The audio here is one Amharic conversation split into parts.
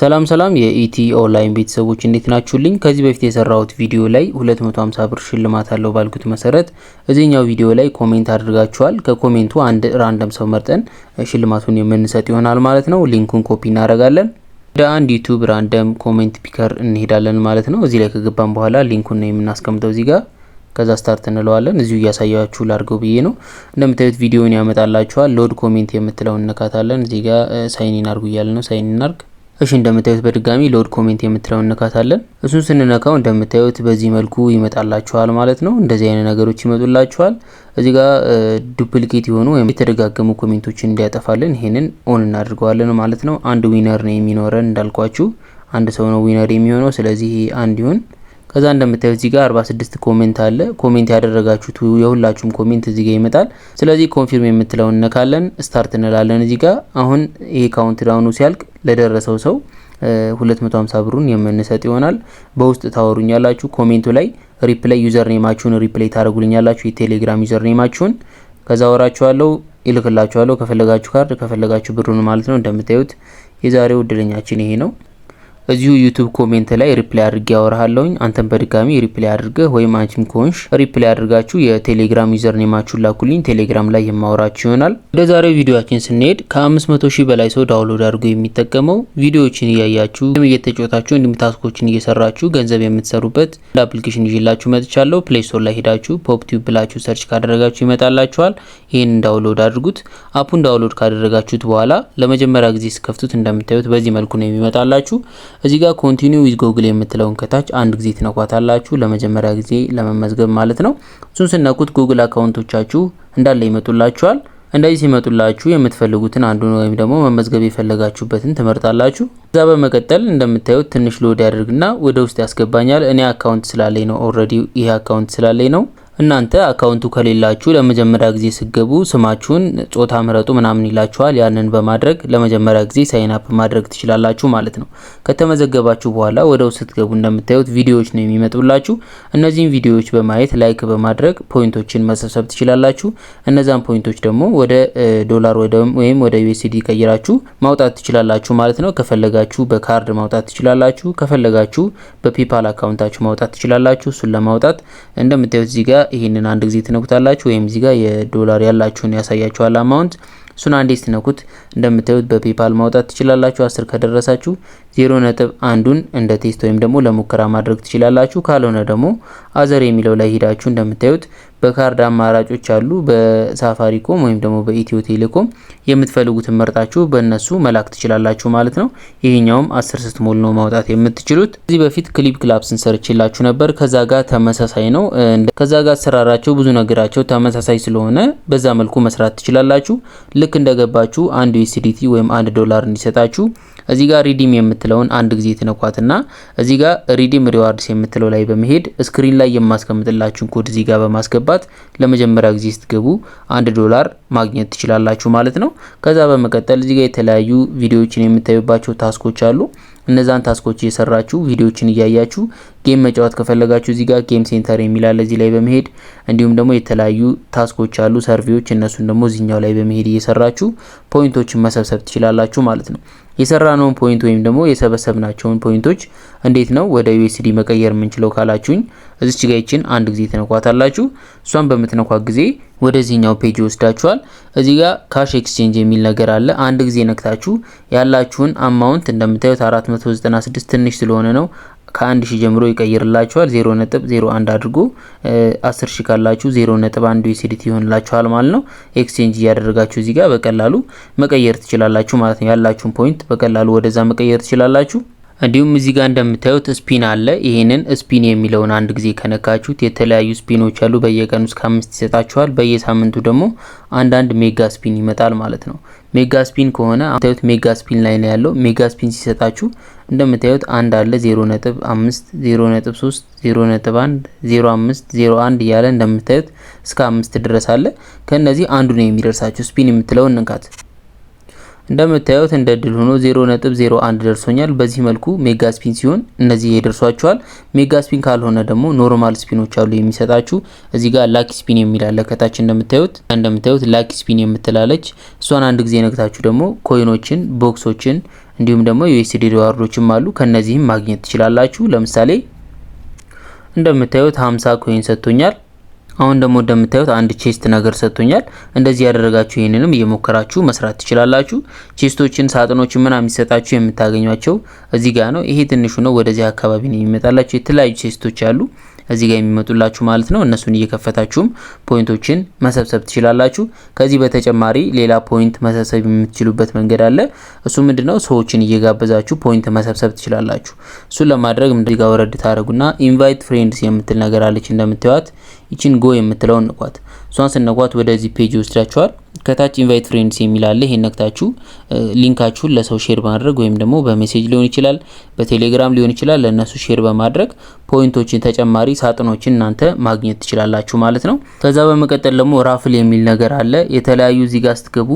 ሰላም ሰላም የኢቲ ኦንላይን ቤተሰቦች እንዴት ናችሁልኝ? ከዚህ በፊት የሰራሁት ቪዲዮ ላይ 250 ብር ሽልማት አለው ባልኩት መሰረት እዚህኛው ቪዲዮ ላይ ኮሜንት አድርጋችኋል። ከኮሜንቱ አንድ ራንደም ሰው መርጠን ሽልማቱን የምንሰጥ ይሆናል ማለት ነው። ሊንኩን ኮፒ እናደርጋለን። ወደ አንድ ዩቲዩብ ራንደም ኮሜንት ፒከር እንሄዳለን ማለት ነው። እዚህ ላይ ከገባን በኋላ ሊንኩን ነው የምናስቀምጠው እዚህ ጋር ከዛ ስታርት እንለዋለን። እዚሁ እያሳያችሁ ላድርገው ብዬ ነው። እንደምታዩት ቪዲዮን ያመጣላችኋል። ሎድ ኮሜንት የምትለውን እንካታለን። እዚህ ጋር ሳይን እያለ ነው። ሳይኒን አርግ እሺ እንደምታዩት በድጋሚ ሎድ ኮሜንት የምትለው እንነካታለን። እሱን ስንነካው እንደምታዩት በዚህ መልኩ ይመጣላችኋል ማለት ነው። እንደዚህ አይነት ነገሮች ይመጡላችኋል። እዚህ ጋር ዱፕሊኬት የሆኑ ወይም የተደጋገሙ ኮሜንቶችን እንዲያጠፋልን ይሄንን ኦን እናድርገዋለን ማለት ነው። አንድ ዊነር ነው የሚኖረን እንዳልኳችሁ፣ አንድ ሰው ነው ዊነር የሚሆነው። ስለዚህ አንድ ይሁን ከዛ እንደምታዩ እዚህ ጋር 46 ኮሜንት አለ። ኮሜንት ያደረጋችሁት የሁላችሁም ኮሜንት እዚህ ጋር ይመጣል። ስለዚህ ኮንፊርም የምትለው እንነካለን፣ ስታርት እንላለን። እዚህ ጋር አሁን ይሄ ካውንት ዳውኑ ሲያልቅ ለደረሰው ሰው 250 ብሩን የምንሰጥ ይሆናል። በውስጥ ታወሩኛላችሁ። ኮሜንቱ ላይ ሪፕላይ ዩዘር ኔማችሁን ሪፕላይ ታደርጉልኛላችሁ፣ የቴሌግራም ዩዘር ኔማችሁን ከዛ ወራችኋለሁ፣ ይልክላችኋለሁ። ከፈለጋችሁ ካርድ ከፈለጋችሁ ብሩን ማለት ነው። እንደምታዩት የዛሬው እድለኛችን ይሄ ነው። እዚሁ ዩቱብ ኮሜንት ላይ ሪፕላይ አድርጌ ያወራሃለሁኝ። አንተን በድጋሚ ሪፕላይ አድርገህ ወይም አንቺም ከሆንሽ ሪፕላይ አድርጋችሁ የቴሌግራም ዩዘር ኔማችሁን ላኩልኝ። ቴሌግራም ላይ የማወራችሁ ይሆናል። ወደ ዛሬው ቪዲዮችን ስንሄድ ከ500 ሺህ በላይ ሰው ዳውንሎድ አድርጎ የሚጠቀመው ቪዲዮዎችን እያያችሁ ወይም እየተጫወታችሁ እንዲሁም ታስኮችን እየሰራችሁ ገንዘብ የምትሰሩበት አፕሊኬሽን ይዤላችሁ መጥቻለሁ። ፕሌይ ስቶር ላይ ሄዳችሁ ፖፕ ብላችሁ ሰርች ካደረጋችሁ ይመጣላችኋል። ይህን ዳውንሎድ አድርጉት። አፑን ዳውንሎድ ካደረጋችሁት በኋላ ለመጀመሪያ ጊዜ ስከፍቱት እንደምታዩት በዚህ መልኩ ነው የሚመጣላችሁ። እዚህ ጋር ኮንቲኒው ዊዝ ጎግል የምትለውን ከታች አንድ ጊዜ ትነኳታላችሁ። ለመጀመሪያ ጊዜ ለመመዝገብ ማለት ነው። እሱን ስነኩት ጉግል አካውንቶቻችሁ እንዳለ ይመጡላችኋል። እንደዚህ ሲመጡላችሁ የምትፈልጉትን አንዱን ወይም ደግሞ መመዝገብ የፈለጋችሁበትን ትመርጣላችሁ። እዛ በመቀጠል እንደምታዩት ትንሽ ሎድ ያደርግና ወደ ውስጥ ያስገባኛል። እኔ አካውንት ስላለኝ ነው ኦልሬዲ ይሄ አካውንት ስላለኝ ነው። እናንተ አካውንቱ ከሌላችሁ ለመጀመሪያ ጊዜ ስገቡ ስማችሁን፣ ጾታ ምረጡ ምናምን ይላችኋል። ያንን በማድረግ ለመጀመሪያ ጊዜ ሳይን አፕ ማድረግ ትችላላችሁ ማለት ነው። ከተመዘገባችሁ በኋላ ወደው ስትገቡ እንደምታዩት ቪዲዮዎች ነው የሚመጡላችሁ። እነዚህን ቪዲዮዎች በማየት ላይክ በማድረግ ፖይንቶችን መሰብሰብ ትችላላችሁ። እነዛን ፖይንቶች ደግሞ ወደ ዶላር ወይም ወደ ዩኤስዲ ቀይራችሁ ማውጣት ትችላላችሁ ማለት ነው። ከፈለጋችሁ በካርድ ማውጣት ትችላላችሁ። ከፈለጋችሁ በፔፓል አካውንታችሁ ማውጣት ትችላላችሁ። እሱን ለማውጣት እንደምታዩት እዚህ ጋር ይህንን አንድ ጊዜ ትነኩታላችሁ ወይም እዚህ ጋር የዶላር ያላችሁን ያሳያችኋል አማውንት እሱን አንዴ ስትነኩት እንደምታዩት በፔፓል ማውጣት ትችላላችሁ። አስር ከደረሳችሁ ዜሮ ነጥብ አንዱን እንደ ቴስት ወይም ደግሞ ለሙከራ ማድረግ ትችላላችሁ። ካልሆነ ደግሞ አዘር የሚለው ላይ ሂዳችሁ እንደምታዩት በካርድ አማራጮች አሉ። በሳፋሪኮም ወይም ደግሞ በኢትዮ ቴሌኮም የምትፈልጉትን መርጣችሁ በእነሱ መላክ ትችላላችሁ ማለት ነው። ይሄኛውም አስር ስትሞሉ ነው ማውጣት የምትችሉት። ከዚህ በፊት ክሊፕ ክላፕስን ሰርችላችሁ ነበር። ከዛ ጋር ተመሳሳይ ነው። ከዛ ጋር አሰራራቸው ብዙ ነገራቸው ተመሳሳይ ስለሆነ በዛ መልኩ መስራት ትችላላችሁ። ልክ እንደገባችሁ አንድ ዩኤስዲቲ ወይም አንድ ዶላር እንዲሰጣችሁ እዚህ ጋር ሪዲም የምትለውን አንድ ጊዜ ትነኳትና እዚህ ጋር ሪዲም ሪዋርድስ የምትለው ላይ በመሄድ ስክሪን ላይ የማስቀምጥላችሁን ኮድ እዚህ ጋር በማስገባት ለመጀመሪያ ጊዜ ስትገቡ አንድ ዶላር ማግኘት ትችላላችሁ ማለት ነው። ከዛ በመቀጠል እዚህ ጋር የተለያዩ ቪዲዮዎችን የምታዩባቸው ታስኮች አሉ። እነዛን ታስኮች እየሰራችሁ ቪዲዮዎችን እያያችሁ ጌም መጫወት ከፈለጋችሁ እዚህ ጋር ጌም ሴንተር የሚላል እዚህ ላይ በመሄድ እንዲሁም ደግሞ የተለያዩ ታስኮች አሉ፣ ሰርቪዎች እነሱን ደግሞ እዚኛው ላይ በመሄድ እየሰራችሁ ፖይንቶችን መሰብሰብ ትችላላችሁ ማለት ነው። የሰራነውን ፖይንት ወይም ደግሞ የሰበሰብናቸውን ፖይንቶች እንዴት ነው ወደ ዩኤስዲ መቀየር የምንችለው ካላችሁኝ እዚች ጋ ይችን አንድ ጊዜ ትነኳታላችሁ። እሷን በምትነኳት ጊዜ ወደዚህኛው ፔጅ ይወስዳችኋል። እዚህ ጋር ካሽ ኤክስቼንጅ የሚል ነገር አለ። አንድ ጊዜ ነክታችሁ ያላችሁን አማውንት እንደምታዩት 496 ትንሽ ስለሆነ ነው ከአንድ ሺ ጀምሮ ይቀይርላችኋል። ዜሮ ነጥብ ዜሮ አንድ አድርጎ አስር ሺ ካላችሁ ዜሮ ነጥብ አንድ ዩኤስዲቲ ይሆንላችኋል ማለት ነው። ኤክስቼንጅ እያደረጋችሁ እዚህ ጋር በቀላሉ መቀየር ትችላላችሁ ማለት ነው። ያላችሁን ፖይንት በቀላሉ ወደዛ መቀየር ትችላላችሁ። እንዲሁም እዚህ ጋር እንደምታዩት ስፒን አለ። ይህንን ስፒን የሚለውን አንድ ጊዜ ከነካችሁት የተለያዩ ስፒኖች አሉ። በየቀኑ እስከ አምስት ይሰጣችኋል። በየሳምንቱ ደግሞ አንዳንድ ሜጋ ስፒን ይመጣል ማለት ነው። ሜጋ ስፒን ከሆነ ታዩት ሜጋ ስፒን ላይ ነው ያለው። ሜጋ ስፒን ሲሰጣችሁ እንደምታዩት አንድ አለ 0.5፣ 0.3፣ 0.1፣ 0.5፣ 0.1 እያለ እንደምታዩት እስከ አምስት ድረስ አለ። ከእነዚህ አንዱ ነው የሚደርሳችሁ። ስፒን የምትለውን እንካት እንደምታዩት እንደ ድል ሆኖ 0.01 ደርሶኛል። በዚህ መልኩ ሜጋ ስፒን ሲሆን እነዚህ ይደርሷቸዋል። ሜጋ ስፒን ካልሆነ ደግሞ ኖርማል ስፒኖች አሉ የሚሰጣችሁ። እዚህ ጋር ላኪ ስፒን የሚላለ ከታች እንደምታዩት እንደምታዩት ላኪ ስፒን የምትላለች እሷን አንድ ጊዜ ነግታችሁ ደግሞ ኮይኖችን፣ ቦክሶችን እንዲሁም ደግሞ ዩኤስዲ ሪዋርዶችም አሉ ከነዚህም ማግኘት ትችላላችሁ። ለምሳሌ እንደምታዩት 50 ኮይን ሰጥቶኛል። አሁን ደግሞ እንደምታዩት አንድ ቼስት ነገር ሰጥቶኛል። እንደዚህ ያደረጋችሁ ይህንንም እየሞከራችሁ መስራት ትችላላችሁ። ቼስቶችን፣ ሳጥኖችን ምናምን የሚሰጣችሁ የምታገኟቸው እዚህ ጋር ነው። ይሄ ትንሹ ነው። ወደዚህ አካባቢ ነው የሚመጣላችሁ። የተለያዩ ቼስቶች አሉ። እዚህ ጋር የሚመጡላችሁ ማለት ነው። እነሱን እየከፈታችሁም ፖይንቶችን መሰብሰብ ትችላላችሁ። ከዚህ በተጨማሪ ሌላ ፖይንት መሰብሰብ የምትችሉበት መንገድ አለ። እሱ ምንድነው? ሰዎችን እየጋበዛችሁ ፖይንት መሰብሰብ ትችላላችሁ። እሱን ለማድረግ እዚህ ጋር ወረድ ታደረጉና ኢንቫይት ፍሬንድስ የምትል ነገር አለች እንደምታዩት። ይችን ጎ የምትለውን ንቋት። እሷን ስነቋት ወደዚህ ፔጅ ይወስዳችኋል። ከታች ኢንቫይት ፍሬንድስ የሚል አለ። ይሄን ነክታችሁ ሊንካችሁን ለሰው ሼር በማድረግ ወይም ደግሞ በሜሴጅ ሊሆን ይችላል፣ በቴሌግራም ሊሆን ይችላል። ለእነሱ ሼር በማድረግ ፖይንቶችን፣ ተጨማሪ ሳጥኖችን እናንተ ማግኘት ትችላላችሁ ማለት ነው። ከዛ በመቀጠል ደግሞ ራፍል የሚል ነገር አለ። የተለያዩ እዚህ ጋር ስትገቡ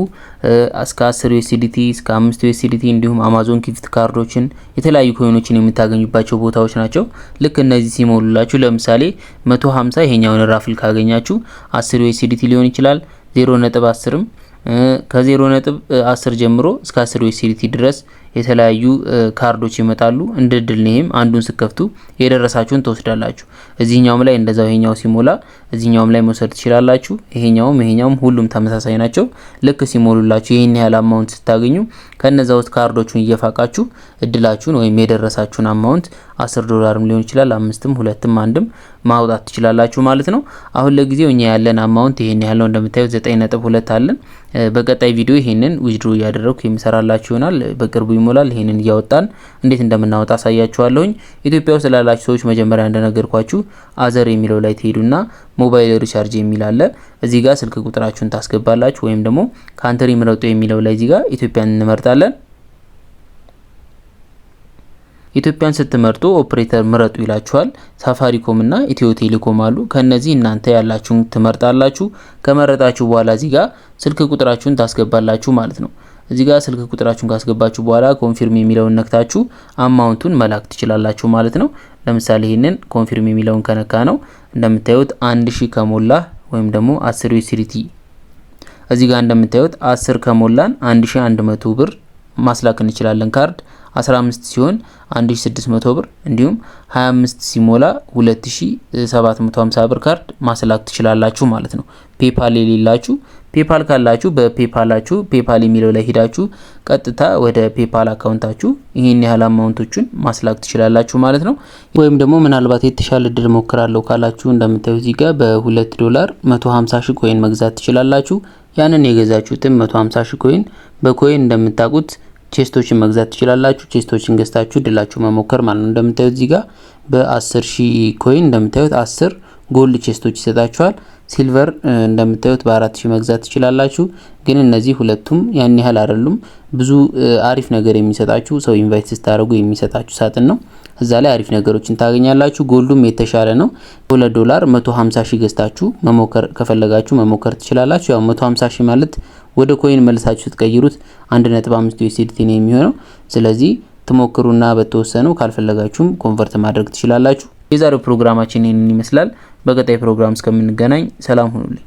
እስከ 10 ዩኤስዲቲ እስከ 5 ዩኤስዲቲ እንዲሁም አማዞን ጊፍት ካርዶችን የተለያዩ ኮይኖችን የምታገኙባቸው ቦታዎች ናቸው። ልክ እነዚህ ሲሞሉላችሁ ለምሳሌ 150 ይሄኛውን ራፍል ካገኛችሁ 10 ዩኤስዲቲ ሊሆን ይችላል 010 ም ከ 010 ጀምሮ እስከ 10 ዩኤስዲቲ ድረስ የተለያዩ ካርዶች ይመጣሉ። እንደ ድል ይሄም አንዱን ስከፍቱ የደረሳችሁን ትወስዳላችሁ። እዚህኛውም ላይ እንደዛው ይሄኛው ሲሞላ እዚህኛውም ላይ መውሰድ ትችላላችሁ። ይሄኛውም ይሄኛውም ሁሉም ተመሳሳይ ናቸው። ልክ ሲሞሉላችሁ ይህን ያህል አማውንት ስታገኙ ከነዛ ውስጥ ካርዶቹን እየፋቃችሁ እድላችሁን ወይም የደረሳችሁን አማውንት አስር ዶላርም ሊሆን ይችላል አምስትም ሁለትም አንድም ማውጣት ትችላላችሁ ማለት ነው። አሁን ለጊዜው እኛ ያለን አማውንት ይሄን ያህል ነው። እንደምታዩት ዘጠኝ ነጥብ ሁለት አለን። በቀጣይ ቪዲዮ ይሄንን ዊዝድሮ እያደረኩ የሚሰራላችሁ ይሆናል በቅርቡ ይሞላል። ይህንን እያወጣን እንዴት እንደምናወጣ አሳያችኋለሁኝ። ኢትዮጵያ ውስጥ ላላችሁ ሰዎች መጀመሪያ እንደነገርኳችሁ አዘር የሚለው ላይ ትሄዱና ሞባይል ሪቻርጅ የሚል አለ። እዚህ ጋር ስልክ ቁጥራችሁን ታስገባላችሁ፣ ወይም ደግሞ ካንትሪ ምረጡ የሚለው ላይ እዚህ ጋር ኢትዮጵያን እንመርጣለን። ኢትዮጵያን ስትመርጡ ኦፕሬተር ምረጡ ይላችኋል። ሳፋሪኮም እና ኢትዮ ቴሌኮም አሉ። ከነዚህ እናንተ ያላችሁን ትመርጣላችሁ። ከመረጣችሁ በኋላ እዚህ ጋር ስልክ ቁጥራችሁን ታስገባላችሁ ማለት ነው። እዚህ ጋር ስልክ ቁጥራችሁን ካስገባችሁ በኋላ ኮንፊርም የሚለውን ነክታችሁ አማውንቱን መላክ ትችላላችሁ ማለት ነው። ለምሳሌ ይህንን ኮንፊርም የሚለውን ከነካ ነው እንደምታዩት አንድ ሺህ ከሞላ ወይም ደግሞ አስር ዩሲሪቲ እዚህ ጋር እንደምታዩት አስር ከሞላን 1100 ብር ማስላክ እንችላለን ካርድ 15 ሲሆን 1600 ብር እንዲሁም 25 ሲሞላ 2750 ብር ካርድ ማስላክ ትችላላችሁ ማለት ነው። ፔፓል የሌላችሁ ፔፓል ካላችሁ በፔፓላችሁ ፔፓል የሚለው ላይ ሄዳችሁ ቀጥታ ወደ ፔፓል አካውንታችሁ ይህን ያህል አማውንቶቹን ማስላክ ትችላላችሁ ማለት ነው። ወይም ደግሞ ምናልባት የተሻለ እድል ሞክራለሁ ካላችሁ እንደምታዩ እዚህ ጋር በሁለት ዶላር 150 ሺ ኮይን መግዛት ትችላላችሁ። ያንን የገዛችሁትን 150 ሺ ኮይን በኮይን እንደምታውቁት ቼስቶችን መግዛት ትችላላችሁ። ቼስቶችን ገዝታችሁ ድላችሁ መሞከር ማለት ነው። እንደምታዩት እዚህ ጋር በ10 ሺ ኮይን እንደምታዩት 10 ጎልድ ቼስቶች ይሰጣችኋል። ሲልቨር እንደምታዩት በአራት ሺህ መግዛት ትችላላችሁ። ግን እነዚህ ሁለቱም ያን ያህል አይደሉም። ብዙ አሪፍ ነገር የሚሰጣችሁ ሰው ኢንቫይት ስታደርጉ የሚሰጣችሁ ሳጥን ነው። እዛ ላይ አሪፍ ነገሮችን ታገኛላችሁ። ጎልዱም የተሻለ ነው። ሁለት ዶላር 150 ሺህ ገዝታችሁ መሞከር ከፈለጋችሁ መሞከር ትችላላችሁ። ያው 150 ሺህ ማለት ወደ ኮይን መልሳችሁ ስትቀይሩት 1.5 ዩኤስዲቲ ነው የሚሆነው። ስለዚህ ትሞክሩና በተወሰነው ካልፈለጋችሁም ኮንቨርት ማድረግ ትችላላችሁ። የዛሬው ፕሮግራማችን ይህንን ይመስላል። በቀጣይ ፕሮግራም እስከምንገናኝ ሰላም ሁኑልኝ።